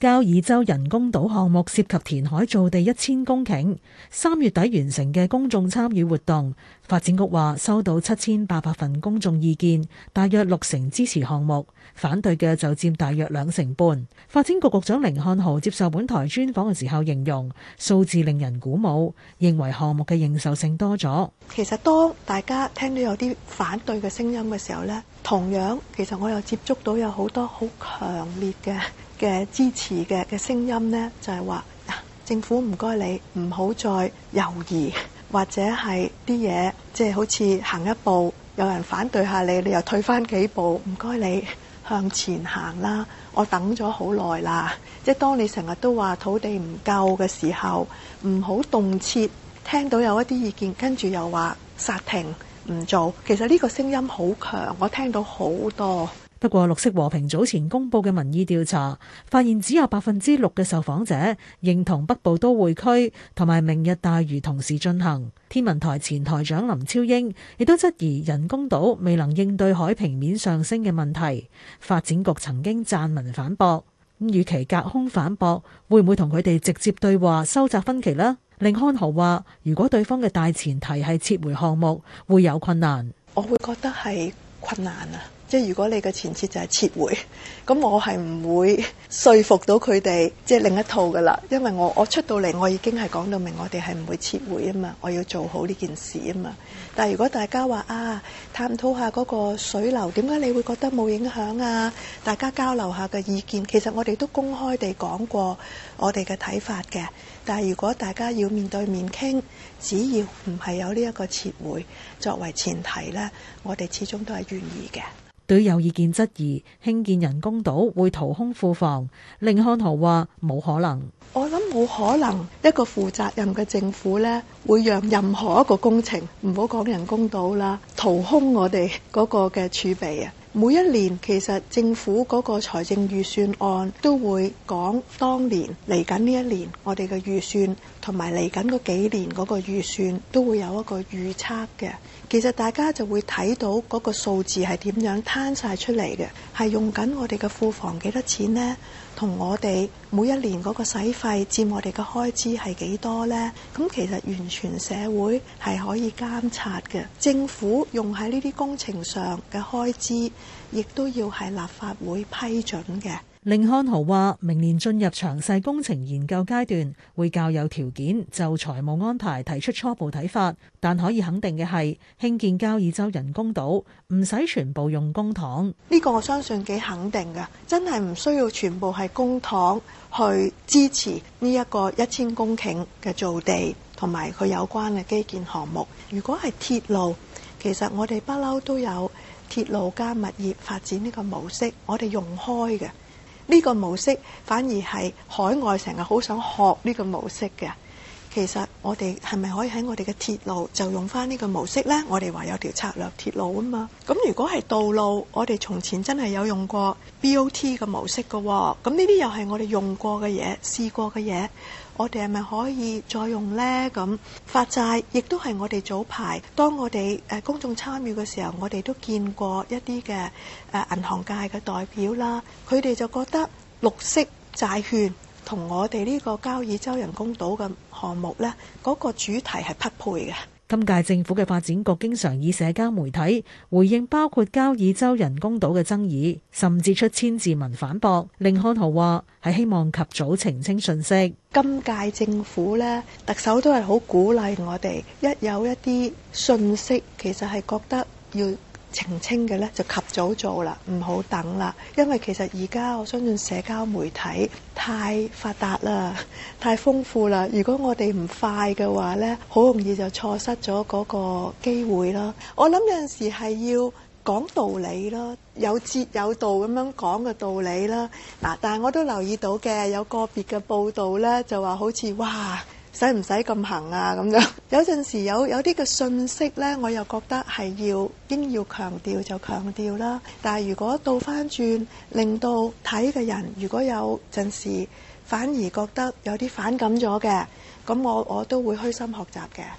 交椅洲人工島項目涉及填海造地一千公頃，三月底完成嘅公眾參與活動，發展局話收到七千八百份公眾意見，大約六成支持項目，反對嘅就佔大約兩成半。發展局局長甯漢豪接受本台專訪嘅時候形容數字令人鼓舞，認為項目嘅認受性多咗。其實當大家聽到有啲反對嘅聲音嘅時候呢，同樣其實我又接觸到有好多好強烈嘅。嘅支持嘅嘅聲音呢，就係話政府唔該你，唔好再猶豫，或者係啲嘢。即係好似行一步，有人反對下你，你又退翻幾步，唔該你向前行啦。我等咗好耐啦，即係當你成日都話土地唔夠嘅時候，唔好動輒聽到有一啲意見跟住又話煞停唔做。其實呢個聲音好強，我聽到好多。不過，綠色和平早前公布嘅民意調查，發現只有百分之六嘅受訪者認同北部都會區同埋明日大嶼同時進行。天文台前台長林超英亦都質疑人工島未能應對海平面上升嘅問題。發展局曾經撰文反駁，咁與其隔空反駁，會唔會同佢哋直接對話收窄分歧呢？甯漢豪話：如果對方嘅大前提係撤回項目，會有困難。我會覺得係困難啊！即係如果你嘅前設就係撤回，咁我係唔會說服到佢哋，即係另一套噶啦，因為我我出到嚟，我已經係講到明，我哋係唔會撤回啊嘛，我要做好呢件事啊嘛。但係如果大家話啊，探討下嗰個水流點解你會覺得冇影響啊，大家交流下嘅意見，其實我哋都公開地講過我哋嘅睇法嘅。但係如果大家要面對面傾，只要唔係有呢一個撤回作為前提咧，我哋始終都係願意嘅。對有意見質疑興建人工島會掏空庫房，甯漢豪話冇可能。我諗冇可能，一個負責任嘅政府呢，會讓任何一個工程，唔好講人工島啦，掏空我哋嗰個嘅儲備啊。每一年，其實政府嗰個財政預算案都會講當年嚟緊呢一年，我哋嘅預算同埋嚟緊嗰幾年嗰個預算都會有一個預測嘅。其實大家就會睇到嗰個數字係點樣攤晒出嚟嘅，係用緊我哋嘅庫房幾多錢呢？同我哋每一年嗰個使費佔我哋嘅開支係幾多呢？咁其實完全社會係可以監察嘅，政府用喺呢啲工程上嘅開支。亦都要係立法會批准嘅。甯漢豪話：明年進入詳細工程研究階段，會較有條件就財務安排提出初步睇法。但可以肯定嘅係，興建交椅洲人工島唔使全部用公帑，呢個我相信幾肯定㗎。真係唔需要全部係公帑去支持呢一個一千公頃嘅造地同埋佢有關嘅基建項目。如果係鐵路，其實我哋不嬲都有。鐵路加物業發展呢個模式，我哋用開嘅呢個模式，反而係海外成日好想學呢個模式嘅。其實我哋係咪可以喺我哋嘅鐵路就用翻呢個模式呢？我哋話有條策略鐵路啊嘛。咁如果係道路，我哋從前真係有用過 BOT 嘅模式嘅喎。咁呢啲又係我哋用過嘅嘢、試過嘅嘢，我哋係咪可以再用呢？咁發債亦都係我哋早排當我哋誒公眾參與嘅時候，我哋都見過一啲嘅誒銀行界嘅代表啦，佢哋就覺得綠色債券，同我哋呢個交椅洲人工島嘅項目呢，嗰、那個主題係匹配嘅。今屆政府嘅發展局經常以社交媒體回應，包括交椅洲人工島嘅爭議，甚至出千字文反駁。甯漢豪話：係希望及早澄清信息。今屆政府呢，特首都係好鼓勵我哋一有一啲信息其實係覺得要澄清嘅呢，就及早做啦，唔好等啦，因為其實而家我相信社交媒體。太發達啦，太豐富啦。如果我哋唔快嘅話呢，好容易就錯失咗嗰個機會咯。我諗有陣時係要講道理咯，有節有道咁樣講嘅道理啦。嗱，但係我都留意到嘅，有個別嘅報道呢，就話好似哇～使唔使咁行啊？咁 樣有陣時有有啲嘅信息呢，我又覺得係要應要強調就強調啦。但係如果倒翻轉，令到睇嘅人如果有陣時反而覺得有啲反感咗嘅，咁我我都會虛心學習嘅。